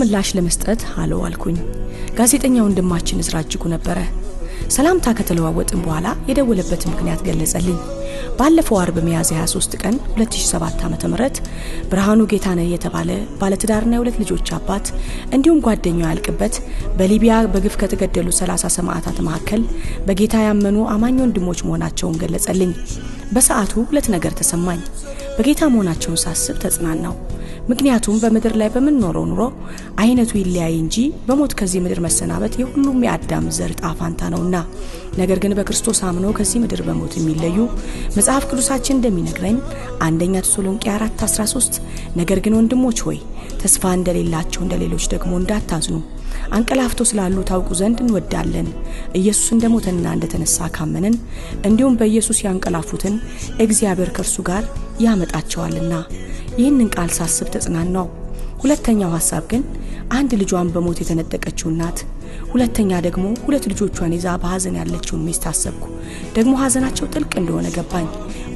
ምላሽ ለመስጠት አለው አልኩኝ። ጋዜጠኛ ወንድማችን እዝራ ነበረ። ሰላምታ ከተለዋወጥን በኋላ የደወለበት ምክንያት ገለጸልኝ። ባለፈው አርብ ሚያዝያ 23 ቀን 2007 ዓ.ም ብርሃኑ ጌታነህ የተባለ ባለትዳርና የሁለት ልጆች አባት እንዲሁም ጓደኛው ያልቅበት በሊቢያ በግፍ ከተገደሉ 30 ሰማዕታት መካከል በጌታ ያመኑ አማኝ ወንድሞች መሆናቸውን ገለጸልኝ። በሰዓቱ ሁለት ነገር ተሰማኝ። በጌታ መሆናቸውን ሳስብ ተጽናናው። ምክንያቱም በምድር ላይ በምንኖረው ኑሮ አይነቱ ይለያይ እንጂ በሞት ከዚህ ምድር መሰናበት የሁሉም የአዳም ዘር ጣፋንታ ነውና ነገር ግን በክርስቶስ አምኖ ከዚህ ምድር በሞት የሚለዩ መጽሐፍ ቅዱሳችን እንደሚነግረን አንደኛ ተሰሎንቄ 4 13 ነገር ግን ወንድሞች ሆይ ተስፋ እንደሌላቸው እንደሌሎች ደግሞ እንዳታዝኑ አንቀላፍቶ ስላሉ ታውቁ ዘንድ እንወዳለን። ኢየሱስ እንደ ሞተና እንደ ተነሳ ካመንን እንዲሁም በኢየሱስ ያንቀላፉትን እግዚአብሔር ከእርሱ ጋር ያመጣቸዋልና። ይህንን ቃል ሳስብ ተጽናናው። ሁለተኛው ሐሳብ ግን አንድ ልጇን በሞት የተነጠቀችው እናት ሁለተኛ ደግሞ ሁለት ልጆቿን ይዛ በሀዘን ያለችውን ሚስት አሰብኩ። ደግሞ ሀዘናቸው ጥልቅ እንደሆነ ገባኝ።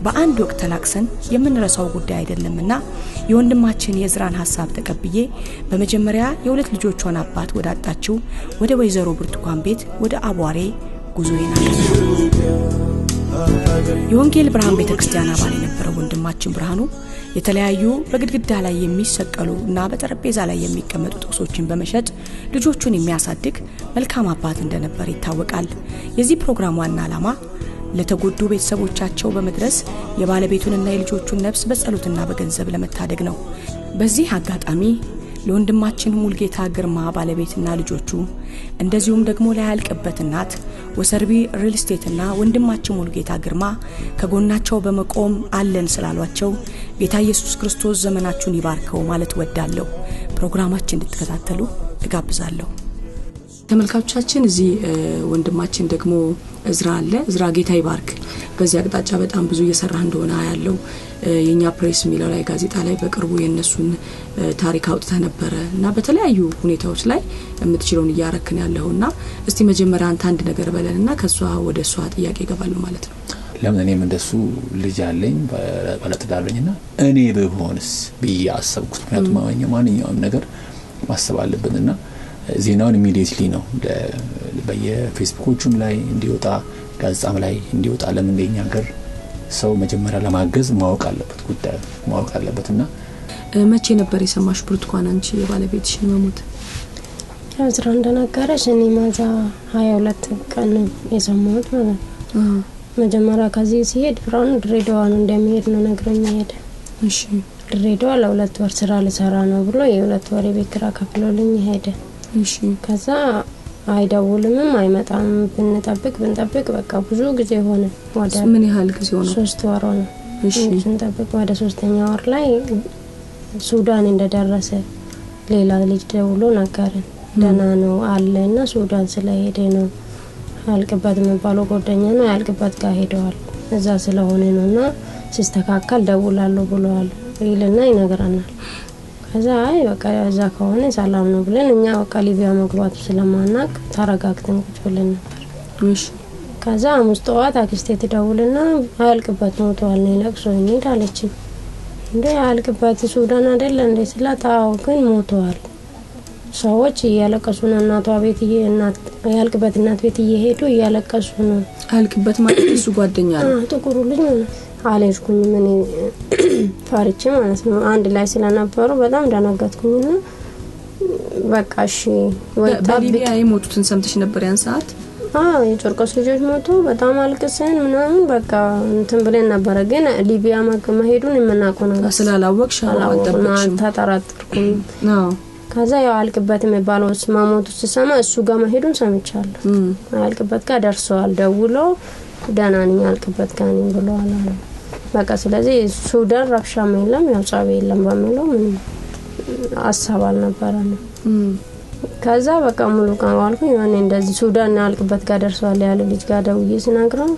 በአንድ ወቅት ተላቅሰን የምንረሳው ጉዳይ አይደለምና የወንድማችን የእዝራን ሀሳብ ተቀብዬ በመጀመሪያ የሁለት ልጆቿን አባት ወዳጣችው ወደ ወይዘሮ ብርቱካን ቤት ወደ አቧሬ ጉዞ የወንጌል ብርሃን ቤተ ክርስቲያን አባል የነበረው ወንድማችን ብርሃኑ የተለያዩ በግድግዳ ላይ የሚሰቀሉ እና በጠረጴዛ ላይ የሚቀመጡ ጥቅሶችን በመሸጥ ልጆቹን የሚያሳድግ መልካም አባት እንደነበር ይታወቃል። የዚህ ፕሮግራም ዋና ዓላማ ለተጎዱ ቤተሰቦቻቸው በመድረስ የባለቤቱንና የልጆቹን ነፍስ በጸሎትና በገንዘብ ለመታደግ ነው። በዚህ አጋጣሚ ለወንድማችን ሙልጌታ ግርማ ባለቤትና ልጆቹ እንደዚሁም ደግሞ ለያልቅበት እናት ወሰርቢ ሪል ስቴትና ወንድማችን ሙልጌታ ግርማ ከጎናቸው በመቆም አለን ስላሏቸው ጌታ ኢየሱስ ክርስቶስ ዘመናችሁን ይባርከው ማለት ወዳለሁ። ፕሮግራማችን እንድትከታተሉ እጋብዛለሁ። ተመልካቾቻችን እዚህ ወንድማችን ደግሞ እዝራ አለ። እዝራ ጌታ ይባርክ። በዚህ አቅጣጫ በጣም ብዙ እየሰራ እንደሆነ ያለው የእኛ ፕሬስ የሚለው ላይ ጋዜጣ ላይ በቅርቡ የእነሱን ታሪክ አውጥተ ነበረ እና በተለያዩ ሁኔታዎች ላይ የምትችለውን እያረክን ያለው እና እስቲ መጀመሪያ አንተ አንድ ነገር በለን እና ከእሷ ወደ እሷ ጥያቄ ይገባሉ ማለት ነው። ለምን እኔም እንደሱ ልጅ አለኝ ባለትዳር ና እኔ ብሆንስ ብዬ አሰብኩት። ምክንያቱም ማንኛውም ነገር ማሰብ አለብን እና ዜናውን ኢሚዲየትሊ ነው በየፌስቡኮቹም ላይ እንዲወጣ ጋዜጣም ላይ እንዲወጣ። ለምን ሀገር ሰው መጀመሪያ ለማገዝ ማወቅ አለበት፣ ጉዳዩ ማወቅ አለበት። እና መቼ ነበር የሰማሽ ብርቱካን አንቺ የባለቤትሽን መሞት? ዝራ እንደነገረች እኔ ማዛ ሀያ ሁለት ቀን ነው የሰማሁት ማለት ነው። መጀመሪያ ከዚህ ሲሄድ ብርሃኑ ነው እንደሚሄድ ነው ነግረኛ ሄደ። ድሬዳዋ ለሁለት ወር ስራ ልሰራ ነው ብሎ የሁለት ወር የቤት ከፍሎልኝ ሄደ። ከዛ አይደውልምም አይመጣም። ብንጠብቅ ብንጠብቅ በቃ ብዙ ጊዜ ሆነ። ወደ ምን ያህል ጊዜ ሆነ? ሶስት ወር ሆነ። ስንጠብቅ ወደ ሶስተኛ ወር ላይ ሱዳን እንደደረሰ ሌላ ልጅ ደውሎ ነገረን። ደህና ነው አለ እና ሱዳን ስለሄደ ነው አልቅበት የሚባለው ጓደኛ ነው አያልቅበት ጋር ሄደዋል እዛ ስለሆነ ነው እና ሲስተካከል ደውላለሁ ብለዋል ይልና ይነግረናል። ከዛ አይ በቃ እዛ ከሆነ ሰላም ነው ብለን እኛ በቃ ሊቢያ መግባቱ ስለማናቅ ተረጋግተን ቁጭ ብለን ነበር። እሺ ከዛ ሐሙስ ጠዋት አክስቴ ትደውልና አያልቅበት ሞተዋል ነው ለቅሶ እንሂድ አለችኝ። እንዴ አያልቅበት ሱዳን አይደለ እንዴ ስላት፣ አዎ ግን ሞተዋል ሰዎች እያለቀሱ ነው። እናቷ ቤት እናት ያልቅበት እናት ቤት እየሄዱ እያለቀሱ ነው። አያልቅበት ማለት እሱ ጓደኛ ነው ጥቁሩ ልጅ ነው አልሄድኩኝም ምን ፈርቼ ማለት ነው። አንድ ላይ ስለነበሩ በጣም ደነገጥኩኝና በቃ እሺ ወይ በሊቢያ የሞቱትን ሰምተሽ ነበር ያን ሰዓት? አዎ የጨርቆስ ልጆች ሞቱ። በጣም አልቅሰን ምናምን በቃ እንትን ብለን ነበረ፣ ግን ሊቢያ መሄዱን የምናውቀው ነገር ስላላወቅሽ ተጠራጠርኩኝ። ከዛ ያው አልቅበት የሚባለው መሞቱ ስሰማ እሱ ጋር መሄዱን ሰምቻለሁ። አልቅበት ጋር ደርሰዋል፣ ደውሎ ደህና ነኝ አያልቅበት ጋር ነኝ ብለዋል አለ በቃ ስለዚህ ሱዳን ረብሻም የለም ያው ጸብ የለም በሚለው ምንም ሀሳብ አልነበረ ነው። ከዛ በቃ ሙሉ ቀን ዋልኩ የሆነ እንደዚህ ሱዳን አልቅበት ጋር ደርሷል ያለ ልጅ ጋር ደውዬ ስነግረው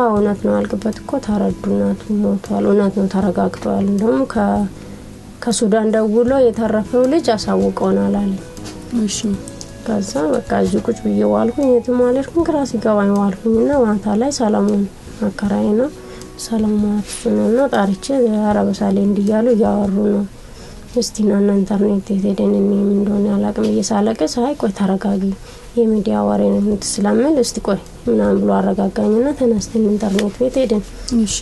አዎ እውነት ነው አልቅበት እኮ ታረዱናት ሞቷል፣ እውነት ነው ተረጋግጧል። እንደውም ከሱዳን ደውሎ የተረፈው ልጅ አሳውቀውናል አለ። ከዛ በቃ እዚህ ቁጭ ብዬ ዋልኩኝ። የትም አልሄድኩም፣ ግራ ሲገባኝ ዋልኩኝ እና ማታ ላይ ሰለሞን አከራይ ነው ሰለሞን ነው እና ጣርቼ አረበሳ ላይ እንዲያሉ እያወሩ ነው። እስቲ ናና ኢንተርኔት ሄደን እኔም እንደሆነ አላቅም እየሳለቀ ሳይ ቆይ ተረጋጊ የሚዲያ ወሬ ነው የምትስላምል እስቲ ቆይ ምናምን ብሎ አረጋጋኝና ተነስተን ኢንተርኔት ቤት ሄደን እሺ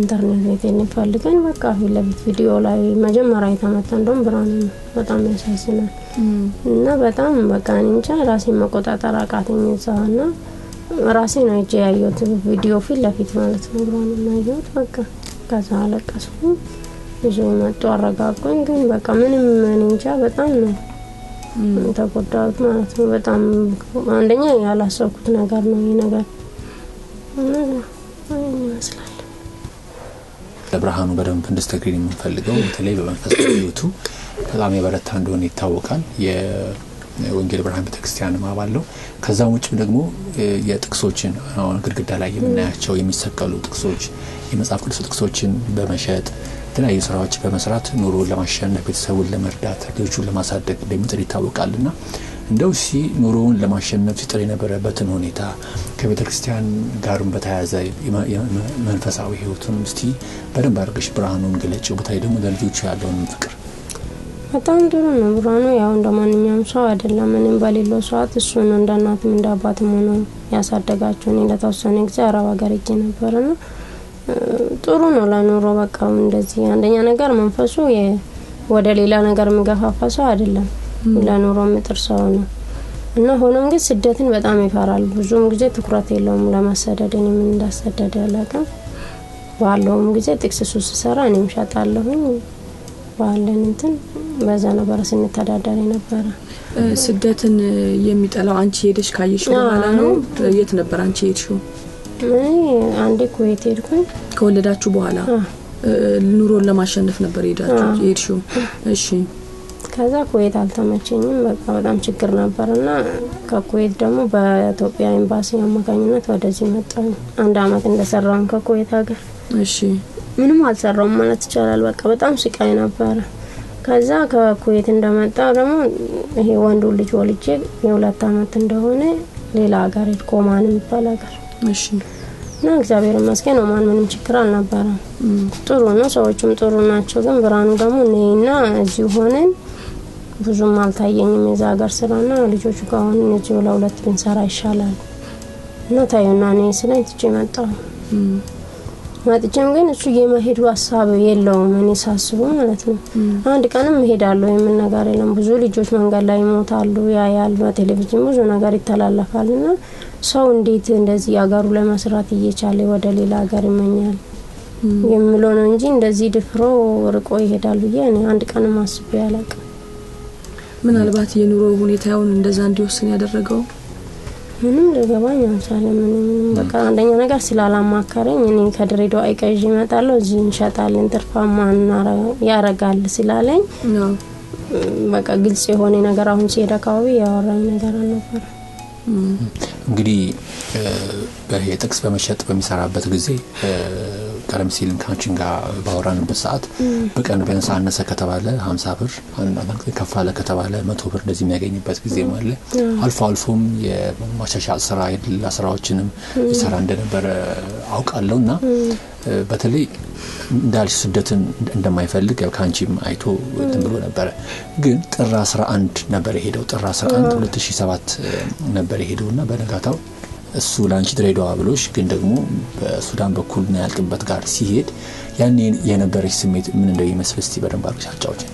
ኢንተርኔት ቤት ሄደን ፈልገን በቃ ፊት ለፊት ቪዲዮ ላይ መጀመሪያ የተመታ እንደውም ብርሃኑ በጣም ያሳዝናል እና በጣም በቃ እንጃ ራሴን መቆጣጠር አቃተኝ እዛ እና ራሴ ነው እጄ ያየሁት ቪዲዮ ፊት ለፊት ማለት ነው። ብሮን ያየሁት በቃ ከዛ አለቀስኩ። ብዙ መጡ አረጋጉኝ። ግን በቃ ምንም እንጃ በጣም ነው ተጎዳሁት ማለት ነው። በጣም አንደኛ ያላሰብኩት ነገር ነው ይህ ነገር ይመስላል። ለብርሃኑ በደንብ እንድስተግሪን የምንፈልገው በተለይ በመንፈሳዊ ሕይወቱ በጣም የበረታ እንደሆነ ይታወቃል። ወንጌል ብርሃን ቤተክርስቲያን አባል ከዛም ውጭም ደግሞ የጥቅሶችን አሁን ግድግዳ ላይ የምናያቸው የሚሰቀሉ ጥቅሶች፣ የመጽሐፍ ቅዱስ ጥቅሶችን በመሸጥ የተለያዩ ስራዎች በመስራት ኑሮን ለማሸነፍ ቤተሰቡን ለመርዳት ልጆቹን ለማሳደግ እንደሚጥር ይታወቃል ና እንደው ሲ ኑሮውን ለማሸነፍ ሲጥር የነበረበትን ሁኔታ ከቤተ ክርስቲያን ጋርም በተያያዘ መንፈሳዊ ህይወቱን እስቲ በደንብ አድርገሽ ብርሃኑን ገለጭው። ቦታ ደግሞ ለልጆቹ ያለውን ፍቅር በጣም ጥሩ ነው። ብርሃኑ ያው እንደ ማንኛውም ሰው አይደለም። እኔም በሌለው ሰዓት እሱ ነው እንደ እናትም እንደ አባትም ሆኖ ያሳደጋቸው። እኔ ለተወሰነ ጊዜ አረብ ሀገር ሄጄ ነበር ና ጥሩ ነው ለኑሮ በቃ እንደዚህ። አንደኛ ነገር መንፈሱ ወደ ሌላ ነገር የሚገፋፋ ሰው አይደለም፣ ለኑሮ የሚጥር ሰው ነው እና ሆኖም ግን ስደትን በጣም ይፈራል። ብዙም ጊዜ ትኩረት የለውም ለመሰደድ። እኔ ምን እንዳሰደደ አላውቅም። ባለውም ጊዜ ጥቅስ ሱ ስሰራ እኔም ሸጣለሁኝ ባለን እንትን በዛ ነበረ ስንተዳደር ነበረ። ስደትን የሚጠላው አንቺ ሄደሽ ካየሽ በኋላ ነው? የት ነበር አንቺ ሄድሽው? አንዴ ኩዌት ሄድኩኝ ከወለዳችሁ በኋላ። ኑሮን ለማሸነፍ ነበር ሄድሽው? እሺ። ከዛ ኩዌት አልተመቸኝም፣ በቃ በጣም ችግር ነበር እና ከኩዌት ደግሞ በኢትዮጵያ ኤምባሲ አማካኝነት ወደዚህ መጣሁ። አንድ አመት እንደሰራን ከኩዌት ሀገር። እሺ። ምንም አልሰራውም ማለት ይቻላል። በቃ በጣም ስቃይ ነበረ። ከዛ ከኩዌት እንደመጣ ደግሞ ይሄ ወንዱ ልጅ ወልጄ የሁለት አመት እንደሆነ ሌላ ሀገር ሄድኩ። ኦማን የሚባል ሀገር እና እግዚአብሔር ይመስገን ኦማን ምንም ችግር አልነበረም። ጥሩ ነው፣ ሰዎችም ጥሩ ናቸው። ግን ብርሃኑ ደግሞ እኔና እዚሁ ሆነን ብዙም አልታየኝም የዛ ሀገር ስራና ልጆቹ ከሆን እዚሁ ለሁለት ብንሰራ ይሻላል እና ታዩና እኔ ስለኝ ትቼ መጣሁ። መጥቼም ግን እሱ የመሄዱ ሀሳብ የለውም። እኔ ሳስበው ማለት ነው። አንድ ቀንም እሄዳለሁ የምን ነገር የለም። ብዙ ልጆች መንገድ ላይ ይሞታሉ፣ ያያል፣ በቴሌቪዥን ብዙ ነገር ይተላለፋል። እና ሰው እንዴት እንደዚህ አገሩ ለመስራት እየቻለ ወደ ሌላ ሀገር ይመኛል የምለው ነው እንጂ እንደዚህ ድፍሮ ርቆ ይሄዳል ብዬ እኔ አንድ ቀንም አስቤ አላቅም። ምናልባት የኑሮ ሁኔታውን እንደዛ እንዲወስን ያደረገው ምንም ልገባኝ አልቻለም። በቃ አንደኛ ነገር ስላላማከረኝ እኔ ከድሬዳዋ አይቀዥ ይመጣለሁ እዚህ እንሸጣለን ትርፋማ ያረጋል ስላለኝ በቃ ግልጽ የሆነ ነገር አሁን ሲሄድ አካባቢ ያወራኝ ነገር አልነበረ። እንግዲህ ጥቅስ በመሸጥ በሚሰራበት ጊዜ ቀደም ሲል ካንቺን ጋር ባወራንበት ሰዓት በቀን ቢያንስ አነሰ ከተባለ ሀምሳ ብር ከፋለ ከተባለ መቶ ብር እንደዚህ የሚያገኝበት ጊዜ አለ። አልፎ አልፎም የማሻሻ ስራ የድላ ስራዎችንም ይሰራ እንደነበረ አውቃለሁ እና በተለይ እንዳልሽ ስደትን እንደማይፈልግ ያው ከአንቺም አይቶ እንትን ብሎ ነበረ። ግን ጥር 11 ነበር የሄደው። ጥር 11 2007 ነበር የሄደው እና በነጋታው እሱ ለአንቺ ድሬዳዋ ብሎሽ ግን ደግሞ በሱዳን በኩል ና ያልቅበት ጋር ሲሄድ ያን የነበረች ስሜት ምን እንደ ይመስል ስቲ በደንብ አድርገሽ አጫውችን።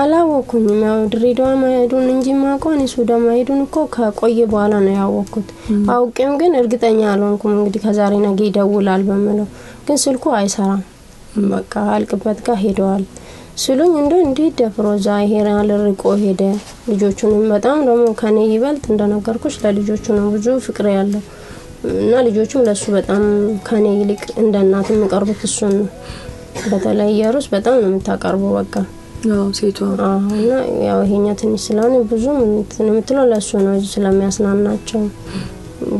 አላወኩኝም። ያው ድሬዳዋ ማሄዱን እንጂ ማቋን የሱዳን ማሄዱን እኮ ከቆየ በኋላ ነው ያወቅኩት። አውቅም ግን እርግጠኛ አልሆንኩም። እንግዲህ ከዛሬ ነገ ይደውላል በምለው ግን ስልኩ አይሰራም። በቃ አልቅበት ጋር ሄደዋል። ስሉኝ እንደ እንዲህ ደፍሮ እዛ ይሄን ያህል ርቆ ሄደ። ልጆቹንም በጣም ደግሞ ከኔ ይበልጥ እንደነገርኩሽ ለልጆቹ ነው ብዙ ፍቅር ያለው እና ልጆቹም ለሱ በጣም ከኔ ይልቅ እንደ እናት የሚቀርቡት እሱን ነው። በተለይ የሩስ በጣም ነው የምታቀርበው በቃ ሴቷ እና ያው ይሄኛ ትንሽ ስለሆነ ብዙም የምትለው ለሱ ነው እዚህ ስለሚያስናናቸው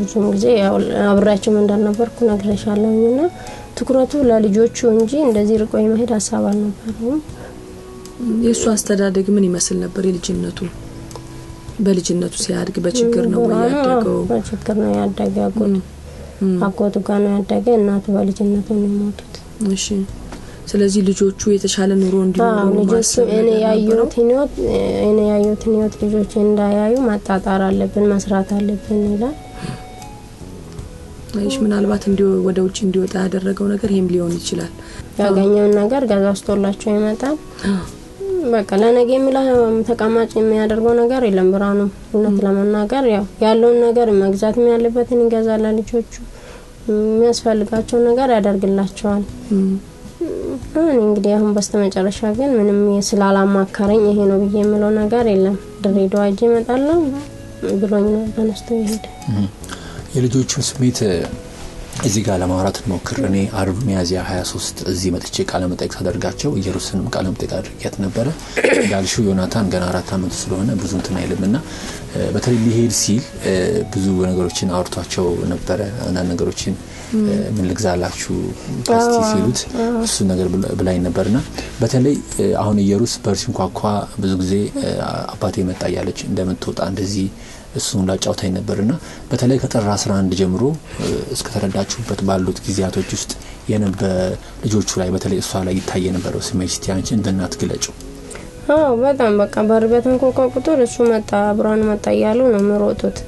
ብዙም ጊዜ ያው አብሬያቸውም እንዳልነበርኩ ነግረሻለሁኝ እና ትኩረቱ ለልጆቹ እንጂ እንደዚህ ርቆ የመሄድ ሀሳብ አልነበረውም። የእሱ አስተዳደግ ምን ይመስል ነበር? የልጅነቱ በልጅነቱ ሲያድግ በችግር ነው ያደገው። በችግር ነው ያደገ። አጎቱ ጋር ነው ያደገ። እናቱ በልጅነቱ ነው የሞቱት። እሺ ስለዚህ ልጆቹ የተሻለ ኑሮ እንዲኖሩ ልጆቹ እኔ ያየሁት እኔ ህይወት ልጆች እንዳያዩ ማጣጣር አለብን መስራት አለብን ይላል። ይሽ ምናልባት እንዲ ወደ ውጭ እንዲወጣ ያደረገው ነገር ይህም ሊሆን ይችላል። ያገኘውን ነገር ገዛ ገዛዝቶላቸው ይመጣል። በቃ ለነገ የሚላ ተቀማጭ የሚያደርገው ነገር የለም። ብርሃኑ እውነት ለመናገር ያው ያለውን ነገር መግዛት ያለበትን ይገዛል። ለልጆቹ የሚያስፈልጋቸው ነገር ያደርግላቸዋል። አሁን እንግዲህ አሁን በስተመጨረሻ ግን ምንም ስላላማከረኝ ይሄ ነው ብዬ የምለው ነገር የለም። ድሬዳዋ እጅ ይመጣለሁ ብሎኝ ነው ተነስቶ ይሄድ የልጆቹን ስሜት እዚህ ጋር ለማውራት እንሞክር። እኔ አርብ ሚያዚያ 23 እዚህ መጥቼ ቃለመጠይቅ ሳደርጋቸው ኢየሩሳሌም ቃለመጠይቅ አድርጌያት ነበረ። ያልሹ ዮናታን ገና አራት ዓመቱ ስለሆነ ብዙ ትን አይልም እና በተለይ ሊሄድ ሲል ብዙ ነገሮችን አውርቷቸው ነበረ። አንዳንድ ነገሮችን ምን ልግዛላችሁ ስቲ ሲሉት እሱ ነገር ብላይ ነበር ና በተለይ አሁን ኢየሩስ በር ሲንኳኳ ብዙ ጊዜ አባቴ መጣ እያለች እንደምትወጣ እንደዚህ እሱን ላጫውታኝ ነበር እና በተለይ ከጥር 11 ጀምሮ እስከተረዳችሁበት ባሉት ጊዜያቶች ውስጥ የነበ ልጆቹ ላይ በተለይ እሷ ላይ ይታይ የነበረው ስሜት እስቲ አንቺ እንደ ግለጩ። አዎ በጣም በቃ በር በተንኳኳ ቁጥር እሱ መጣ አብሯን መጣ እያሉ ነው ምሮጡት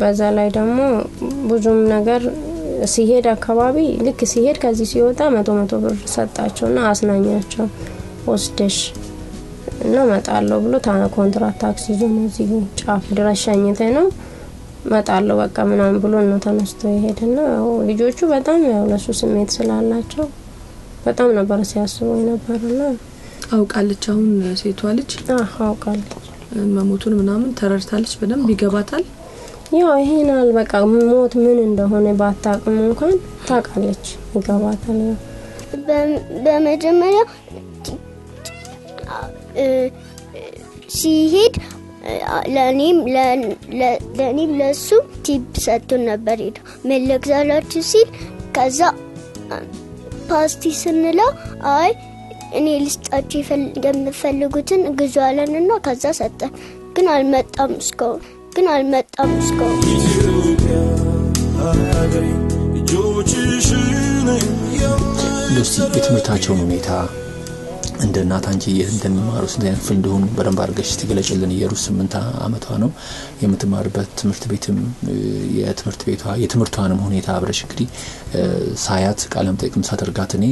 በዛ ላይ ደግሞ ብዙም ነገር ሲሄድ አካባቢ ልክ ሲሄድ ከዚህ ሲወጣ መቶ መቶ ብር ሰጣቸውና አስናኛቸው ወስደሽ እና መጣለሁ ብሎ ኮንትራት ታክሲ ይዞ ነው እዚህ ጫፍ ድረስ ሸኝተ ነው መጣለሁ በቃ ምናምን ብሎ ነው ተነስቶ የሄደና ልጆቹ በጣም ያው ለሱ ስሜት ስላላቸው በጣም ነበር ሲያስቡ የነበረና አውቃለች። አሁን ሴቷ ልጅ አውቃለች መሞቱን ምናምን ተረድታለች። በደንብ ይገባታል። ያው ይሄናል በቃ ሞት ምን እንደሆነ ባታቅም እንኳን ታውቃለች፣ ይገባታል። በመጀመሪያ ሲሄድ ለእኔም ለእሱ ቲፕ ሰጥቶን ነበር። ሄደ መለግዛላችሁ ሲል ከዛ ፓስቲ ስንለው አይ እኔ ልስጣችሁ የምፈልጉትን ግዙ አለን እና ከዛ ሰጠን። ግን አልመጣም እስካሁን ግን አልመጣም እስካሁን። ሉሲ የትምህርታቸውን ሁኔታ እንደ እናት አንቺ የት እንደሚማሩ ስንት አይነት ክፍል እንደሆኑ በደንብ አድርገሽ ትገለጭልን። የሩት ስምንት አመቷ ነው የምትማርበት ትምህርት ቤትም የትምህርት ቤቷ የትምህርቷንም ሁኔታ አብረሽ እንግዲህ ሳያት ቃለ መጠይቅም ሳደርጋት እኔ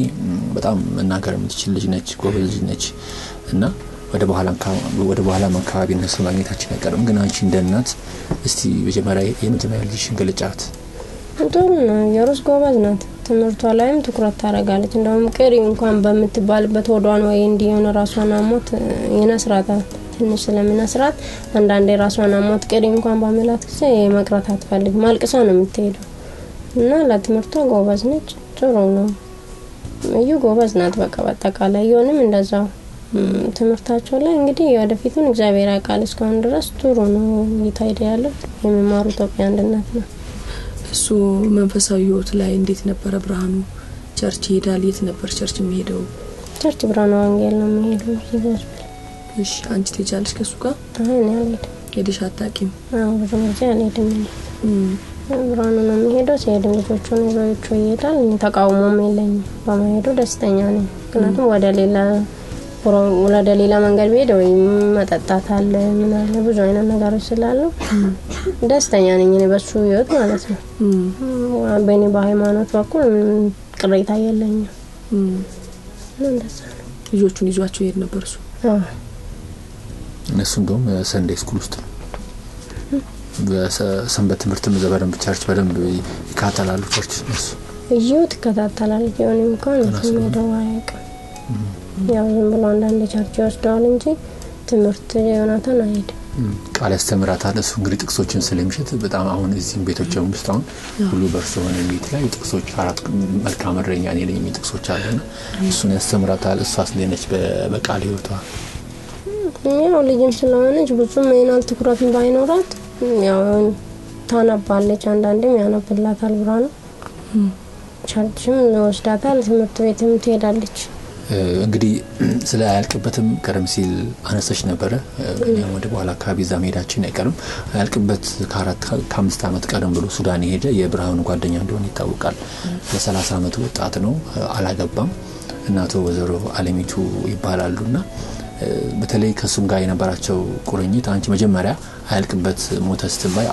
በጣም መናገር የምትችል ልጅ ነች፣ ጎበዝ ልጅ ነች እና ወደ በኋላም አካባቢ እነሱ ማግኘታችን አይቀርም። ግን አንቺ እንደ እናት እስቲ መጀመሪያ የመጀመሪያ ልጅሽን ገለጫት። ጥሩ የሩስ ጎበዝ ናት። ትምህርቷ ላይም ትኩረት ታደርጋለች። እንደውም ቅሪ እንኳን በምትባልበት ወዷን ወይ እንዲሆነ ራሷን አሞት ይነስራታል። ትንሽ ስለሚነስራት አንዳንዴ ራሷን አሞት ቅሪ እንኳን በሚላት ጊዜ መቅረት አትፈልግ፣ ማልቅሳ ነው የምትሄደው እና ለትምህርቷ ጎበዝ ነች። ጥሩ ነው። እዩ ጎበዝ ናት። በቃ በአጠቃላይ እየሆንም እንደዛው ትምህርታቸው ላይ እንግዲህ ወደፊቱን እግዚአብሔር ያውቃል። እስካሁን ድረስ ጥሩ ነው እየታሄደ ያለው የሚማሩ ኢትዮጵያ አንድነት ነው። እሱ መንፈሳዊ ህይወት ላይ እንዴት ነበረ? ብርሃኑ ቸርች ይሄዳል። የት ነበር ቸርች የሚሄደው? ቸርች ብርሃኑ ወንጌል ነው የሚሄደው። እሺ፣ አንቺ ትሄጃለሽ ከእሱ ጋር? አይ እኔ አልሄድም። ሄደሽ አታውቂም? አዎ፣ ብዙ ጊዜ አልሄድም። ብርሃኑ ነው የሚሄደው። ሲሄድም ልጆቹን ይዞቹ ይሄዳል። ተቃውሞም የለኝም በመሄዱ ደስተኛ ነኝ። ምክንያቱም ወደ ሌላ ወደ ሌላ መንገድ ብሄድ ወይም መጠጣት አለ ምን አለ ብዙ አይነት ነገሮች ስላሉ ደስተኛ ነኝ እኔ በሱ ህይወት ማለት ነው። በእኔ በሃይማኖት በኩል ቅሬታ የለኝም። እንደዛ ልጆቹን ይዟቸው ይሄድ ነበር እሱ እነሱ እንደውም ሰንዴ ስኩል ውስጥ በሰንበት ትምህርትም እዛ በደንብ ቸርች በደንብ ይካተላሉ። ቸርች እነሱ እዩ ትከታተላለች የሆነ እንኳን ሄደው አያውቅም። ያው ዝም ብሎ አንዳንድ ቸርች ይወስደዋል እንጂ ትምህርት ዮናታን አይሄድም። ቃል ያስተምራታል። እሱ እንግዲህ ጥቅሶችን ስለሚሸጥ በጣም አሁን እዚህም ቤቶች ውስጥ አሁን ሁሉ በእርሱ ሆነ ላይ ጥቅሶች አራት መልካም እረኛ እኔ ነኝ የሚል ጥቅሶች አለና እሱን ያስተምራታል። እሷስ እንዴት ነች በቃል ህይወቷ? ያው ልጅም ስለሆነች ብዙም ይናል ትኩረት ባይኖራት ያው ታነባለች። አንዳንዴም ያነብላታል ብራ ነው ቸርችም ወስዳታል። ትምህርት ቤትም ትሄዳለች። እንግዲህ ስለ አያልቅበትም ቀደም ሲል አነሰች ነበረ። እኛም ወደ በኋላ አካባቢ ዛ መሄዳችን አይቀርም። አያልቅበት ከአራት ከአምስት ዓመት ቀደም ብሎ ሱዳን የሄደ የብርሃኑ ጓደኛ እንደሆነ ይታወቃል። የ30 ዓመቱ ወጣት ነው፣ አላገባም። እናቶ ወዘሮ አለሚቱ ይባላሉ ና በተለይ ከእሱም ጋር የነበራቸው ቁርኝት አንቺ መጀመሪያ አያልቅበት ሞተ ስትባይ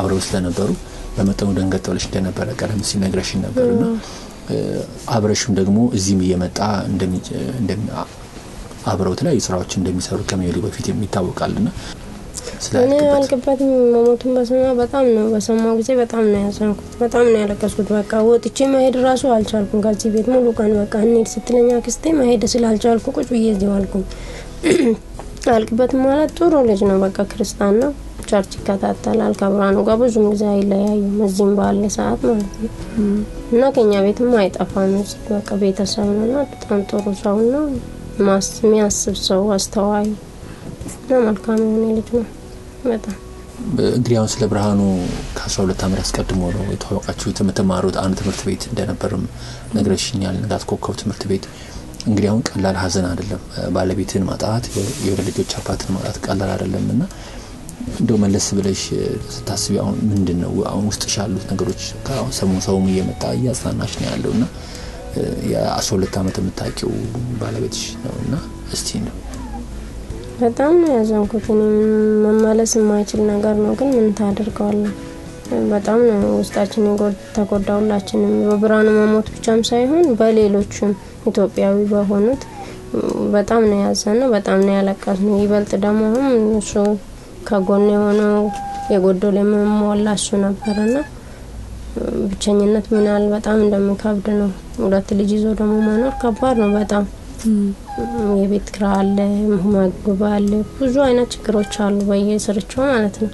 አብረው ስለነበሩ በመጠኑ ደንገጥ እንደነበረ ቀደም ሲል ነግረሽን ነበር እና አብረሽም ደግሞ እዚህም እየመጣ አብረው የተለያዩ ስራዎች እንደሚሰሩ ከመሄዱ በፊት ና እኔ አልገባትም። መሞቱን በሰማ በጣም ነው በሰማው ጊዜ በጣም ነው ያዘንኩት፣ በጣም ነው ያለቀስኩት። በቃ ወጥቼ መሄድ ራሱ አልቻልኩም ከዚህ ቤት ሙሉ ቀን በቃ እኔድ ስትለኛ ክስቴ መሄድ ስላልቻልኩ ቁጭ ብዬ እዚሁ አልኩኝ። ማለት ጥሩ ልጅ ነው፣ በቃ ክርስቲያን ነው። ቸርች ይከታተላል። ከብርሃኑ ጋር ብዙም ጊዜ አይለያዩም። እዚህም ባለ ሰዓት ማለት ነው እና ከኛ ቤትም አይጠፋም። በቃ ቤተሰብ ነው እና በጣም ጥሩ ሰው ነው፣ ማስ የሚያስብ ሰው፣ አስተዋይ እና መልካም የሆነ ልጅ ነው በጣም እንግዲህ አሁን ስለ ብርሃኑ ከ12 ዓመት አስቀድሞ ነው የተዋወቃችሁት የምትማሩት አንድ ትምህርት ቤት እንደነበርም ነግረሽኛል። ንጋት ኮከብ ትምህርት ቤት እንግዲህ አሁን ቀላል ሀዘን አይደለም። ባለቤትን ማጣት፣ የሁለት ልጆች አባትን ማጣት ቀላል አይደለም እና እንደው መለስ ብለሽ ስታስቢ አሁን ምንድን ነው አሁን ውስጥ ሻሉት ነገሮች አሁን ሰሙ ሰውም እየመጣ እያጽናናሽ ነው ያለው እና የአስራ ሁለት ዓመት የምታውቂው ባለቤትሽ ነው እና እስቲ ነው በጣም ያዘንኩት መመለስ የማይችል ነገር ነው፣ ግን ምን ታደርገዋለን። በጣም ነው ውስጣችን ተጎዳውላችንም በብርሃኑ መሞት ብቻም ሳይሆን በሌሎችም ኢትዮጵያዊ በሆኑት በጣም ነው ያዘን ነው፣ በጣም ነው ያለቀስ ነው። ይበልጥ ደግሞ አሁን እሱ ከጎን የሆነው የጎደል የምንሟላ እሱ ነበርና ብቸኝነት ምናል በጣም እንደሚከብድ ነው። ሁለት ልጅ ይዞ ደግሞ መኖር ከባድ ነው በጣም የቤት ክራ አለ፣ ምግብ አለ፣ ብዙ አይነት ችግሮች አሉ በየስርቸው ማለት ነው።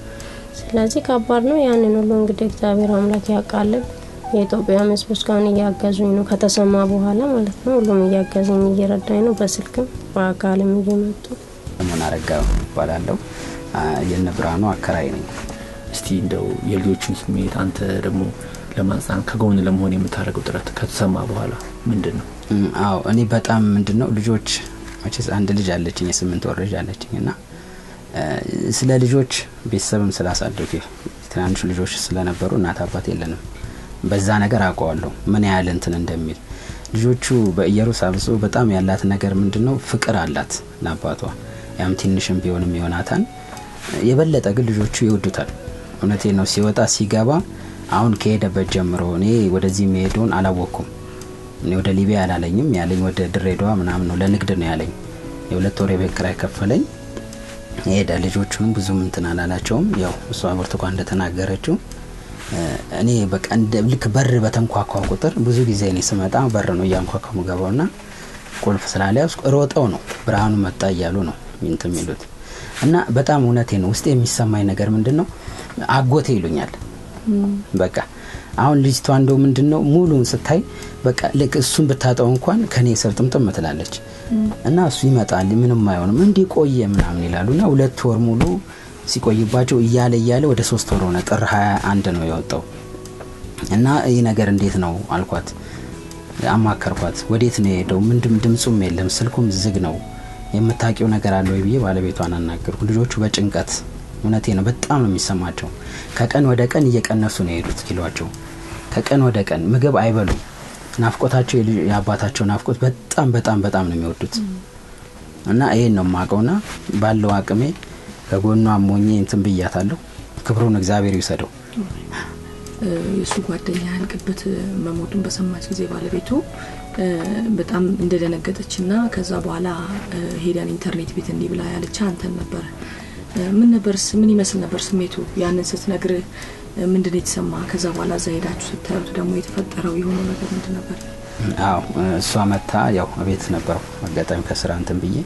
ስለዚህ ከባድ ነው። ያንን ሁሉ እንግዲህ እግዚአብሔር አምላክ ያውቃልን። የኢትዮጵያ ሕዝብ እስካሁን እያገዙኝ ነው ከተሰማ በኋላ ማለት ነው። ሁሉም እያገዘኝ እየረዳኝ ነው። በስልክም በአካልም እየመጡ ምን አረጋ እባላለሁ የነብርሃኑ አከራይ ነኝ። እስቲ እንደው የልጆቹን ስሜት አንተ ደግሞ ለማጽናን ከጎን ለመሆን የምታደረገው ጥረት ከተሰማ በኋላ ምንድን ነው? አዎ እኔ በጣም ምንድን ነው ልጆች መቼስ አንድ ልጅ አለችኝ፣ የስምንት ወር ልጅ አለችኝ እና ስለ ልጆች ቤተሰብም ስላሳደጉ ትናንሹ ልጆች ስለነበሩ እናት አባት የለንም፣ በዛ ነገር አውቀዋለሁ ምን ያህል እንትን እንደሚል ልጆቹ በኢየሩስ በጣም ያላት ነገር ምንድን ነው ፍቅር አላት ለአባቷ ያም ትንሽም ቢሆንም ዮናታን የበለጠ ግን ልጆቹ ይወዱታል። እውነቴ ነው። ሲወጣ ሲገባ አሁን ከሄደበት ጀምሮ እኔ ወደዚህ መሄዱን አላወቅኩም። እኔ ወደ ሊቢያ አላለኝም ያለኝ ወደ ድሬዳዋ ምናምን ነው፣ ለንግድ ነው ያለኝ። የሁለት ወር የቤት ኪራይ ከፈለኝ ሄደ። ልጆቹንም ብዙ ምንትን አላላቸውም። ያው እሷ አብርትኳ እንደተናገረችው እኔ በቃ ልክ በር በተንኳኳ ቁጥር ብዙ ጊዜ እኔ ስመጣ በር ነው እያንኳኳ ምገባው ና ቁልፍ ስላለያዝ ሮጠው ነው ብርሃኑ መጣ እያሉ ነው ሚንት የሚሉት እና በጣም እውነቴ ነው። ውስጥ የሚሰማኝ ነገር ምንድን ነው አጎቴ ይሉኛል። በቃ አሁን ልጅቷ እንደ ምንድን ነው ሙሉን ስታይ በቃ ልክ እሱን ብታጠው እንኳን ከኔ ስር ጥምጥም ትላለች እና እሱ ይመጣል ምንም አይሆንም እንዲህ ቆየ ምናምን ይላሉ እና ሁለት ወር ሙሉ ሲቆይባቸው እያለ እያለ ወደ ሶስት ወር ሆነ። ጥር ሀያ አንድ ነው የወጣው እና ይህ ነገር እንዴት ነው አልኳት፣ አማከርኳት። ወዴት ነው የሄደው? ምንድም ድምፁም የለም ስልኩም ዝግ ነው የምታውቂው ነገር አለ ወይ ብዬ ባለቤቷን አናገርኩ። ልጆቹ በጭንቀት እውነቴ ነው፣ በጣም ነው የሚሰማቸው። ከቀን ወደ ቀን እየቀነሱ ነው የሄዱት ይሏቸው ከቀን ወደ ቀን ምግብ አይበሉም። ናፍቆታቸው የአባታቸው ናፍቆት በጣም በጣም በጣም ነው የሚወዱት እና ይሄን ነው የማውቀውና ባለው አቅሜ ከጎኗ ሞኜ እንትን ብያታለሁ። ክብሩን እግዚአብሔር ይውሰደው። የእሱ ጓደኛ ያልቅበት መሞቱን በሰማች ጊዜ ባለቤቱ በጣም እንደደነገጠች እና ከዛ በኋላ ሄደን ኢንተርኔት ቤት እንዲህ ብላ ያለች አንተን ነበር ምን ነበር ምን ይመስል ነበር ስሜቱ? ያንን ስትነግር ምንድን የተሰማ? ከዛ በኋላ እዛ ሄዳችሁ ስታዩት ደግሞ የተፈጠረው የሆነው ነገር ምንድ ነበር? አዎ እሷ መታ ያው ቤት ነበረው አጋጣሚ ከስራ እንትን ብዬ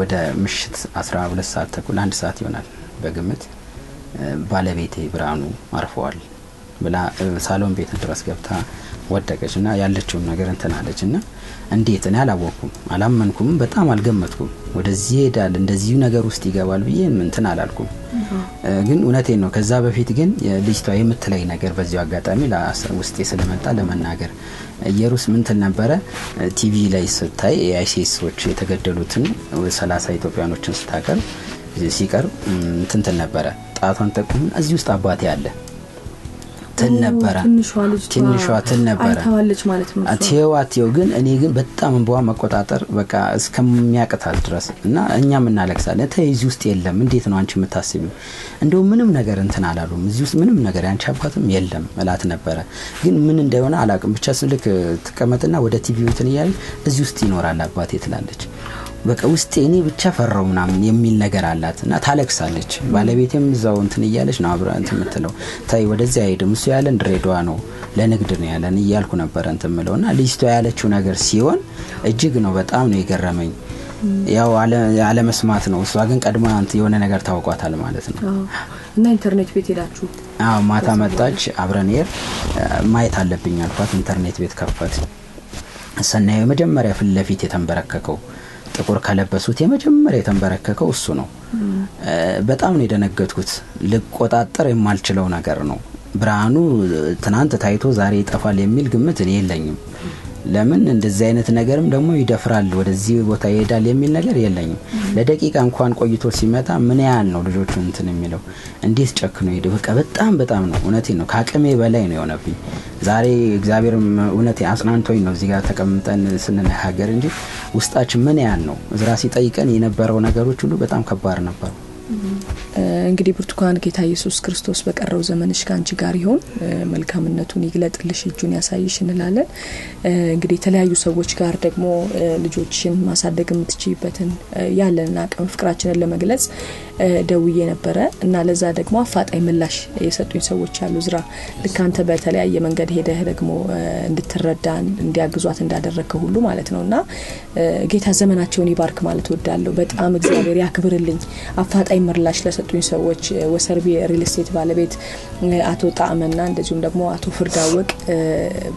ወደ ምሽት 12 ሰዓት ተኩል አንድ ሰዓት ይሆናል በግምት ባለቤቴ ብርሃኑ አርፈዋል። ብላ ሳሎን ቤት ድረስ ገብታ ወደቀች እና ያለችውን ነገር እንትን አለች እና እንዴት እኔ አላወቅኩም፣ አላመንኩም፣ በጣም አልገመትኩም። ወደዚህ ይሄዳል እንደዚሁ ነገር ውስጥ ይገባል ብዬ እንትን አላልኩም። ግን እውነቴ ነው። ከዛ በፊት ግን ልጅቷ የምትለይ ነገር በዚሁ አጋጣሚ ውስጤ ስለመጣ ለመናገር ኢየሩስ ምንትል ነበረ። ቲቪ ላይ ስታይ የአይሴሶች የተገደሉትን ሰላሳ ኢትዮጵያኖችን ስታቀር ሲቀር ትንትን ነበረ ጣቷን ጠቁሙን እዚህ ውስጥ አባቴ አለ ትን ነበረ ትንሿ ትን ነበረ ትዋት ው ግን እኔ ግን በጣም እንበዋ መቆጣጠር በቃ እስከሚያቅታል ድረስ እና እኛም እናለቅሳለን። ተ እዚህ ውስጥ የለም እንዴት ነው አንቺ የምታስቢው? እንደው ምንም ነገር እንትን አላሉም እዚህ ውስጥ ምንም ነገር ያንቺ አባትም የለም እላት ነበረ። ግን ምን እንደሆነ አላቅም ብቻ ስልክ ትቀመጥና ወደ ቲቪ እንትን እያለች እዚህ ውስጥ ይኖራል አባቴ ትላለች። በቃ ውስጤ እኔ ብቻ ፈራው ምናምን የሚል ነገር አላት እና ታለቅሳለች። ባለቤቴም እዛው እንትን እያለች ነው አብረን እንትን የምትለው ታይ ወደዚያ አይሄድም እሱ ያለን ድሬዳዋ ነው ለንግድ ነው ያለን እያልኩ ነበረ እንትን የምለው እና ልጅቷ ያለችው ነገር ሲሆን እጅግ ነው በጣም ነው የገረመኝ። ያው አለመስማት ነው። እሷ ግን ቀድማ የሆነ ነገር ታውቋታል ማለት ነው። እና ኢንተርኔት ቤት ሄዳችሁ? አዎ ማታ መጣች። አብረን ሄር ማየት አለብኝ አልኳት። ኢንተርኔት ቤት ከፈት ሰናየው የመጀመሪያ ፊት ለፊት የተንበረከከው ጥቁር ከለበሱት የመጀመሪያ የተንበረከከው እሱ ነው። በጣም ነው የደነገጥኩት። ልቆጣጠር የማልችለው ነገር ነው። ብርሃኑ ትናንት ታይቶ ዛሬ ይጠፋል የሚል ግምት እኔ የለኝም። ለምን እንደዚህ አይነት ነገርም ደግሞ ይደፍራል ወደዚህ ቦታ ይሄዳል የሚል ነገር የለኝም። ለደቂቃ እንኳን ቆይቶ ሲመጣ ምን ያህል ነው ልጆቹ እንትን የሚለው እንዴት ጨክኖ ሄደ። በቃ በጣም በጣም ነው፣ እውነቴ ነው፣ ከአቅሜ በላይ ነው የሆነብኝ። ዛሬ እግዚአብሔር እውነቴ አጽናንቶኝ ነው እዚህ ጋር ተቀምጠን ስንነጋገር እንጂ ውስጣችን ምን ያህል ነው እዝራ ሲጠይቀን የነበረው ነገሮች ሁሉ በጣም ከባድ ነበሩ። እንግዲህ ብርቱካን ጌታ ኢየሱስ ክርስቶስ በቀረው ዘመንሽ ከአንቺ ጋር ይሆን፣ መልካምነቱን ይግለጥልሽ፣ እጁን ያሳይሽ እንላለን። እንግዲህ የተለያዩ ሰዎች ጋር ደግሞ ልጆችን ማሳደግ የምትችይበትን ያለንን አቅም ፍቅራችንን ለመግለጽ ደውዬ ነበረ እና ለዛ ደግሞ አፋጣኝ ምላሽ የሰጡኝ ሰዎች አሉ። ዝራ ልካንተ በተለያየ መንገድ ሄደህ ደግሞ እንድትረዳን እንዲያግዟት እንዳደረግከ ሁሉ ማለት ነው እና ጌታ ዘመናቸውን ይባርክ ማለት ወዳለሁ። በጣም እግዚአብሔር ያክብርልኝ አፋጣኝ ምላሽ ለሰጡኝ ሰዎች ሰዎች ወሰርቢ ሪል ስቴት ባለቤት አቶ ጣዕመና እንደዚሁም ደግሞ አቶ ፍርዳወቅ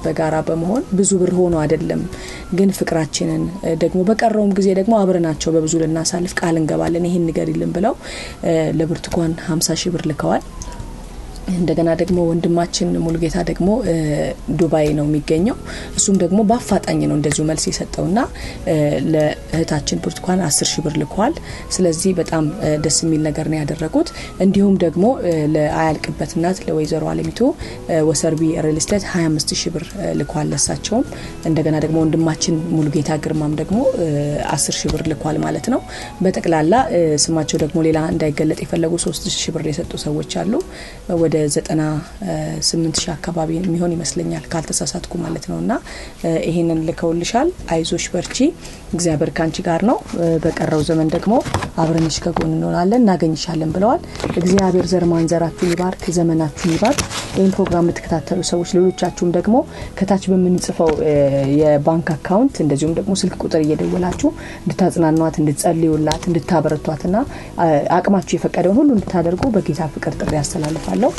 በጋራ በመሆን ብዙ ብር ሆኖ አይደለም ግን ፍቅራችንን ደግሞ በቀረውም ጊዜ ደግሞ አብረናቸው በብዙ ልናሳልፍ ቃል እንገባለን ይሄን ንገሪልን ብለው ለብርቱካን 50 ሺህ ብር ልከዋል። እንደገና ደግሞ ወንድማችን ሙሉጌታ ደግሞ ዱባይ ነው የሚገኘው። እሱም ደግሞ በአፋጣኝ ነው እንደዚሁ መልስ ና ለእህታችን ብርቱካን አስር ሺ ብር ልኳል። ስለዚህ በጣም ደስ የሚል ነገር ነው ያደረጉት። እንዲሁም ደግሞ ለአያልቅበት እናት ለወይዘሮ አለሚቱ ወሰርቢ ሪልስቴት 25 ሺ ብር ልኳል ለሳቸውም። እንደገና ደግሞ ወንድማችን ሙሉጌታ ግርማም ደግሞ አስር ሺ ብር ልኳል ማለት ነው። በጠቅላላ ስማቸው ደግሞ ሌላ እንዳይገለጥ የፈለጉ ሶስት ሺ ብር የሰጡ ሰዎች አሉ ወደ ወደ 98 ሺህ አካባቢ የሚሆን ይመስለኛል ካልተሳሳትኩ ማለት ነው። እና ይሄንን ልከውልሻል። አይዞሽ በርቺ፣ እግዚአብሔር ካንቺ ጋር ነው፣ በቀረው ዘመን ደግሞ አብረንሽ ከጎን እንሆናለን፣ እናገኝሻለን ብለዋል። እግዚአብሔር ዘር ማንዘራችሁን ይባርክ፣ ዘመናችሁን ይባርክ። ይህን ፕሮግራም የምትከታተሉ ሰዎች ሌሎቻችሁም ደግሞ ከታች በምንጽፈው የባንክ አካውንት እንደዚሁም ደግሞ ስልክ ቁጥር እየደወላችሁ እንድታጽናኗት፣ እንድትጸልዩላት፣ እንድታበረቷትና አቅማችሁ የፈቀደውን ሁሉ እንድታደርጉ በጌታ ፍቅር ጥሪ ያስተላልፋለሁ።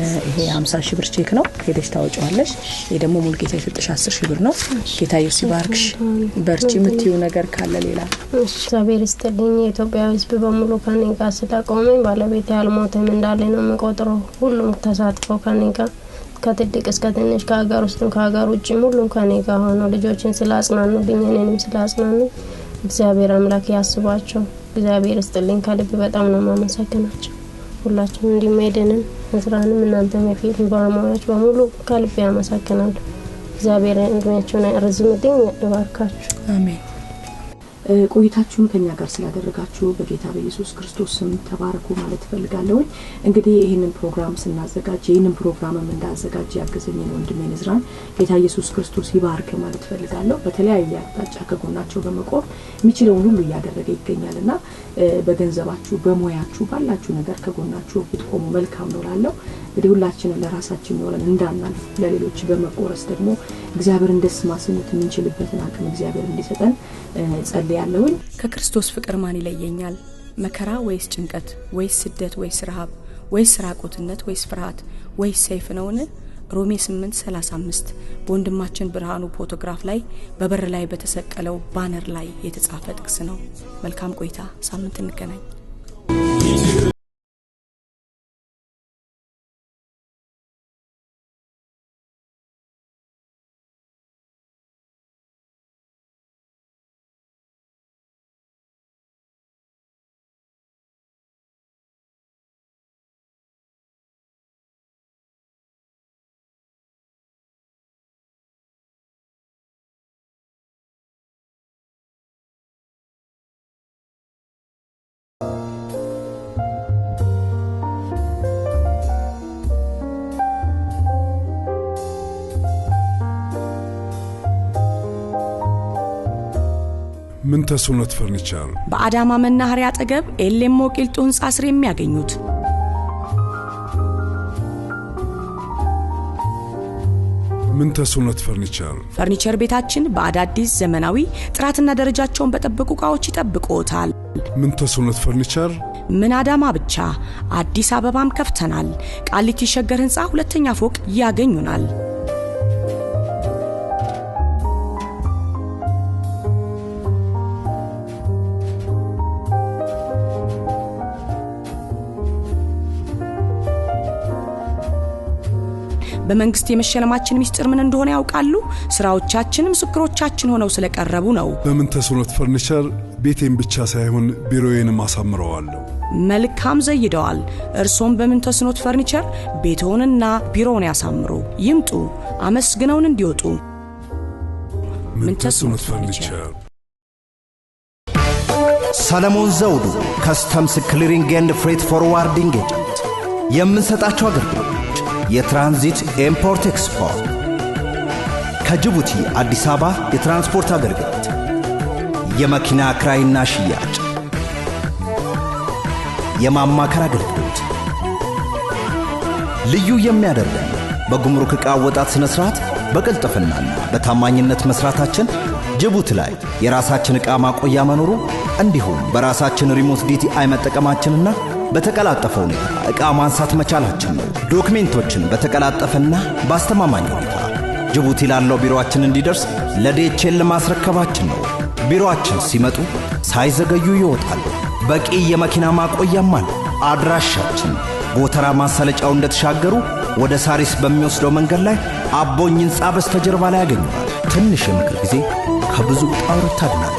ይሄ 50 ሺህ ብር ቼክ ነው። ሄደሽ ታወጫዋለሽ። ይሄ ደግሞ ጌታ የሰጠሽ 10 ሺህ ብር ነው። ጌታ ኢየሱስ ይባርክሽ። በርቺ የምትዩ ነገር ካለ ሌላ እግዚአብሔር ይስጥልኝ። የኢትዮጵያ ሕዝብ በሙሉ ከኔ ጋር ስለቆመኝ ባለቤት ያልሞተም እንዳለ ነው የምቆጥረው። ሁሉም ተሳትፎ ከኔ ጋር ከትልቅ እስከ ትንሽ ከሀገር ውስጥም ከሀገር ውጭም ሁሉም ከኔ ጋር ልጆችን ስላጽናኑልኝ እኔንም ስላጽናኑ እግዚአብሔር አምላክ ያስባቸው። እግዚአብሔር ስጥልኝ ከልብ በጣም ነው ማመሰግናቸው። ሁላችሁም እንዲማይደንን እንስራንም እናንተ የፊልም ባለሙያዎች በሙሉ ከልብ ያመሰግናል። እግዚአብሔር እድሜያቸውን ያርዝምልኝ፣ ይባርካችሁ። አሜን። ቆይታችሁን ከኛ ጋር ስላደረጋችሁ በጌታ በኢየሱስ ክርስቶስ ስም ተባረኩ ማለት ፈልጋለሁ እንግዲህ ይህንን ፕሮግራም ስናዘጋጅ ይህንን ፕሮግራምም እንዳዘጋጅ ያገዘኝን ወንድሜ ንዝራን ጌታ ኢየሱስ ክርስቶስ ይባርክ ማለት ፈልጋለሁ። በተለያየ አቅጣጫ ከጎናቸው በመቆም የሚችለውን ሁሉ እያደረገ ይገኛል እና በገንዘባችሁ፣ በሙያችሁ፣ ባላችሁ ነገር ከጎናችሁ ብትቆሙ መልካም ነው ላለው እንግዲህ ሁላችንም ለራሳችን ኖረን እንዳናል ለሌሎች በመቆረስ ደግሞ እግዚአብሔርን ደስ ማሰኘት የምንችልበትን አቅም እግዚአብሔር እንዲሰጠን ጸልያለሁኝ። ከክርስቶስ ፍቅር ማን ይለየኛል? መከራ ወይስ ጭንቀት ወይስ ስደት ወይስ ረሃብ ወይስ ራቁትነት ወይስ ፍርሃት ወይስ ሰይፍ ነውን? ሮሜ 8:35 በወንድማችን ብርሃኑ ፎቶግራፍ ላይ በበር ላይ በተሰቀለው ባነር ላይ የተጻፈ ጥቅስ ነው። መልካም ቆይታ። ሳምንት እንገናኝ። ምንተስ ፈርኒቸር በአዳማ መናኸሪያ አጠገብ ኤሌሞ ቂልጡ ሕንፃ ስር የሚያገኙት ምንተስ ፈርኒቸር ፈርኒቸር ቤታችን በአዳዲስ ዘመናዊ ጥራትና ደረጃቸውን በጠበቁ እቃዎች ይጠብቆታል ምንተስ ፈርኒቸር ምን አዳማ ብቻ፣ አዲስ አበባም ከፍተናል። ቃሊቲ ሸገር ሕንፃ ሁለተኛ ፎቅ ያገኙናል። በመንግስት የመሸለማችን ሚስጥር ምን እንደሆነ ያውቃሉ። ስራዎቻችን ምስክሮቻችን ሆነው ስለቀረቡ ነው። በምን ፈርኒቸር ቤቴን ብቻ ሳይሆን ቢሮዬንም አሳምረዋለሁ። መልካም ዘይደዋል። እርሶም በምን ተስኖት ፈርኒቸር ቤትዎንና ቢሮውን ያሳምሩ። ይምጡ፣ አመስግነውን እንዲወጡ። ምን ተስኖት ፈርኒቸር ሰለሞን ዘውዱ ከስተምስ ክሊሪንግ ኤንድ ፍሬት ፎርዋርዲንግ ኤጀንት የምንሰጣቸው አገልግሎት የትራንዚት ኤምፖርት ኤክስፖርት ከጅቡቲ አዲስ አበባ የትራንስፖርት አገልግሎት፣ የመኪና ክራይና ሽያጭ፣ የማማከር አገልግሎት። ልዩ የሚያደርገን በጉምሩክ ዕቃ አወጣት ሥነ ሥርዓት በቅልጥፍናና በታማኝነት መሥራታችን፣ ጅቡቲ ላይ የራሳችን ዕቃ ማቆያ መኖሩ፣ እንዲሁም በራሳችን ሪሞት ዲቲአይ መጠቀማችንና በተቀላጠፈ ሁኔታ ዕቃ ማንሳት መቻላችን ነው። ዶክሜንቶችን በተቀላጠፈና በአስተማማኝ ሁኔታ ጅቡቲ ላለው ቢሮአችን እንዲደርስ ለዲኤችኤል ማስረከባችን ነው። ቢሮአችን ሲመጡ ሳይዘገዩ ይወጣሉ። በቂ የመኪና ማቆያም አለ። አድራሻችን ጎተራ ማሳለጫው እንደተሻገሩ ወደ ሳሪስ በሚወስደው መንገድ ላይ አቦኝ ሕንፃ በስተጀርባ ላይ ያገኙናል። ትንሽ የምክር ጊዜ ከብዙ ጣውረት ታድናል።